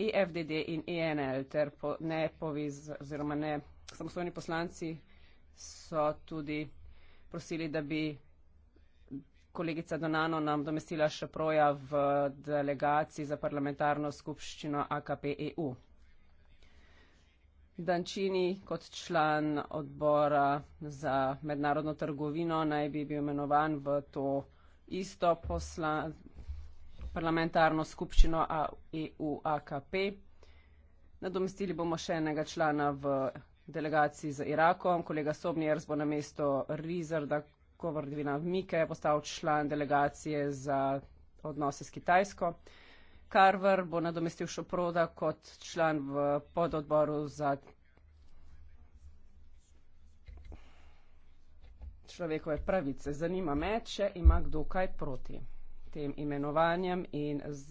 EFDD in ENL e ter po, ne poviz oziroma ne samostojni poslanci so tudi prosili, da bi kolegica Donano nam domestila še proja v delegaciji za parlamentarno skupščino AKPEU. Dančini kot član odbora za mednarodno trgovino naj bi bil imenovan v to isto poslan, parlamentarno skupščino EU-AKP. Nadomestili bomo še enega člana v delegaciji z Irakom. Kolega Sobnjer bo na mesto Rizarda Kovardvina Mike postal član delegacije za odnose s Kitajsko. Karver bo nadomestil Šoproda kot član v pododboru za človekove pravice. Zanima me, če ima kdo kaj proti tem imenovanjem in z